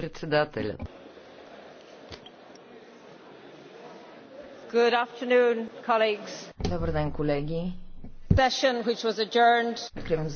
председателя. Добър ден, колеги. Откривам заседанието.